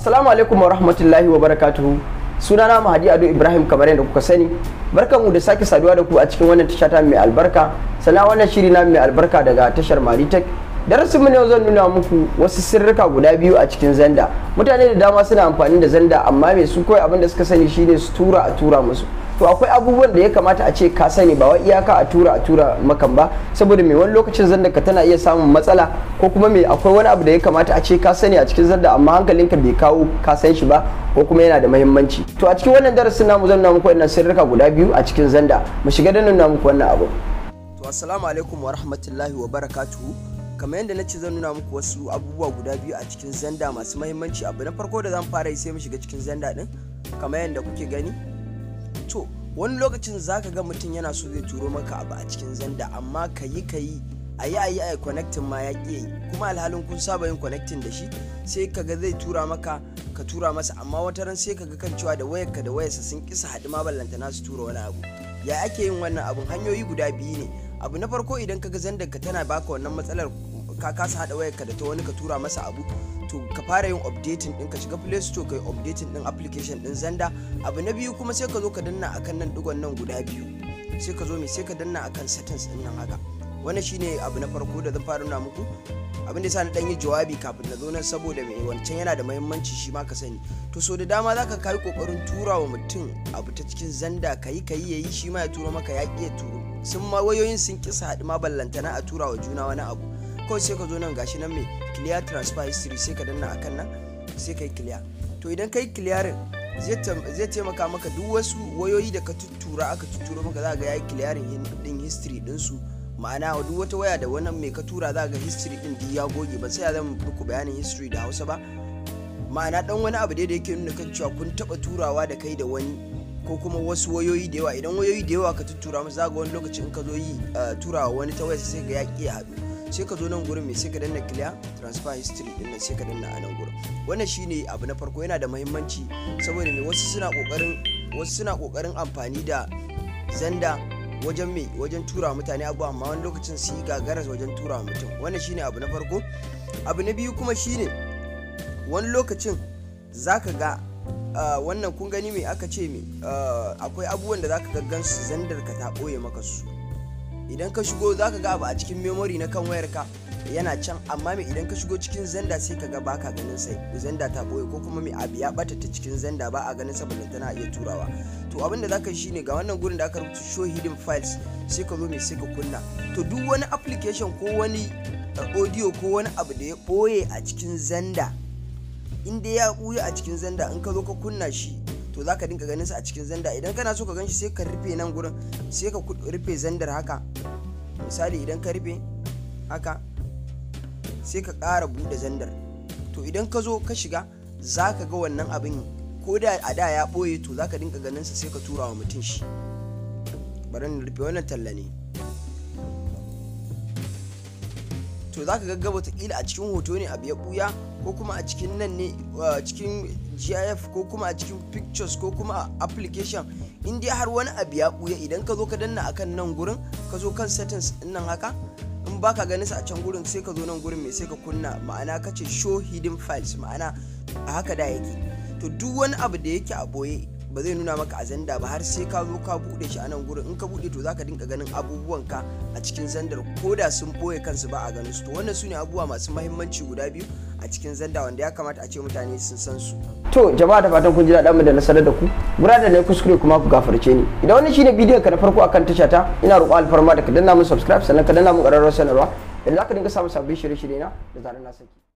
Assalamu alaikum wa rahmatullahi wa barakatuhu. Sunana Mahadi Ado Ibrahim kamar yadda kuka sani. barkan mu da sake saduwa da ku a cikin wannan tasha ta mai albarka. Sana wannan shiri na mai albarka daga tashar Maritech. darasin mu ne zan nuna muku wasu sirrika guda biyu a cikin zanda mutane da dama suna amfani da zanda amma mai su kawai abin da suka sani shine su tura a tura musu to akwai abubuwan da ya kamata a ce ka sani ba wai iyaka a tura a tura makan ba saboda mai wani lokacin zanda ka tana iya samun matsala ko kuma mai akwai wani abu da ya kamata a ce ka sani a cikin zanda amma hankalinka bai kawo ka san shi ba ko kuma yana da mahimmanci to a cikin wannan darasin namu zan nuna muku wannan sirrika guda biyu a cikin zanda mu shiga da nuna muku wannan abu to assalamu alaikum wa rahmatullahi wa barakatuhu kamar yadda na ce zan nuna muku wasu abubuwa guda biyu a cikin zanda masu mahimmanci abu na farko da zan fara yi sai mu shiga cikin zanda din kamar yadda kuke gani to wani lokacin za ka ga mutum yana so zai turo maka abu a cikin zanda amma ka yi ka yi a yi a yi connecting ma ya ƙi yi kuma alhalin kun saba yin connecting da shi sai ka ga zai tura maka ka tura masa amma wata ran sai ka ga kan cewa da wayarka da wayarsa sun kisa haɗu ma ballantana su tura wani abu ya ake yin wannan abun hanyoyi guda biyu ne abu na farko idan ka ga zandar ka tana baka wannan matsalar ka kasa hada wayarka da ta wani ka tura masa abu to ka fara yin updating din ka shiga play store ka updating din application din zanda abu na biyu kuma sai ka zo ka danna akan nan digon nan guda biyu sai ka zo mai sai ka danna akan settings din nan haka wannan shine abu na farko da zan fara nuna muku abin da yasa na dan yi jawabi kafin na zo nan saboda mai wancan yana da muhimmanci shi ma ka sani to so da dama zaka kai kokarin tura wa mutum abu ta cikin zanda kayi kai yayi shi ma ya turo maka ya ya turo sun ma wayoyin sun kisa haɗu ma ballantana a tura wa juna wani abu kawai sai ka zo nan gashi nan mai clear transfer history sai ka danna akan nan sai ka yi clear to idan ka yi zai taimaka maka duk wasu wayoyi da ka tuttura aka tuturo maka za ga ya yi clear din history dinsu ma'ana duk wata waya da wannan mai ka tura za ga history din duk ya goge ba sai ya zama muku bayanin history da hausa ba ma'ana dan wani abu da yake nuna kan cewa kun taba turawa da kai da wani ko kuma wasu wayoyi da yawa idan wayoyi da yawa ka tuttura musu za ga wani lokacin ka zo yi eh, turawa wani ta waya sai ga ya ƙi ya haɗu sai ka zo nan gurin mai sai ka danna clear transfer history din sai ka danna a nan gurin wannan shine abu na farko yana da muhimmanci saboda me wasu suna kokarin wasu suna kokarin amfani da zanda wajen me wajen tura mutane abu amma wani lokacin su yi gagaras wajen tura mutum wannan shine abu na farko abu na biyu kuma shine wani lokacin zaka ga wannan kun gani me aka ce me akwai abubuwan da zaka gaggan su zandar ka ta ɓoye maka su idan ka shigo za ka ga abu a cikin memory na kan wayar ka yana can amma mai idan ka shigo cikin zanda sai ka ga ba ka ganin sai zanda ta boye ko kuma mai abu ya bata ta cikin zanda ba a ganin saboda tana iya turawa to abinda za ka yi shine ga wannan gurin da aka rubuta show hidden files sai ka zo mai sai ka kunna to duk wani application ko wani eh, audio ko wani abu da ya boye a cikin zanda inda ya buya a cikin zanda in ka zo ka kunna shi to zaka dinka ganin sa a cikin zanda idan kana so ka ganshi sai ka rufe nan gurin sai ka rufe zandar haka misali idan ka rufe haka sai ka ƙara buɗe zandar to idan ka zo ka shiga za ka ga wannan abin ko da a da ya ɓoye to za ka dinka ganin sa sai ka tura wa mutum shi bari rufe wannan talla ne to za ka gagga watakila a cikin hoto ne abu ya buya ko kuma a cikin nan ne cikin gif ko kuma a cikin pictures ko kuma a application in dai har wani abu ya buya idan ka zo ka danna akan nan gurin ka zo kan settings nan haka in baka ganin sa a can gurin sai ka zo nan gurin mai sai ka kunna ma'ana ka ce show hidden files ma'ana a haka da yake to duk wani abu da yake a boye ba zai nuna maka a zanda ba har sai ka zo ka bude shi a nan gurin in ka bude to zaka dinka ganin abubuwan ka a cikin zandar ko da sun boye kansu ba a ganin su to wannan su ne abubuwa masu mahimmanci guda biyu a cikin zanda wanda ya kamata a ce mutane sun san su. to jama'a da fatan kun ji daɗin mu da na sanar da ku da ne kuskure kuma ku gafarce ni idan wannan shine bidiyon ka na farko akan tasha ta ina roƙo alfarma da ka danna mun subscribe sannan ka danna mun ƙararrawar sanarwa idan zaka dinga samun sabbin shirye-shirye na da zarar na saki.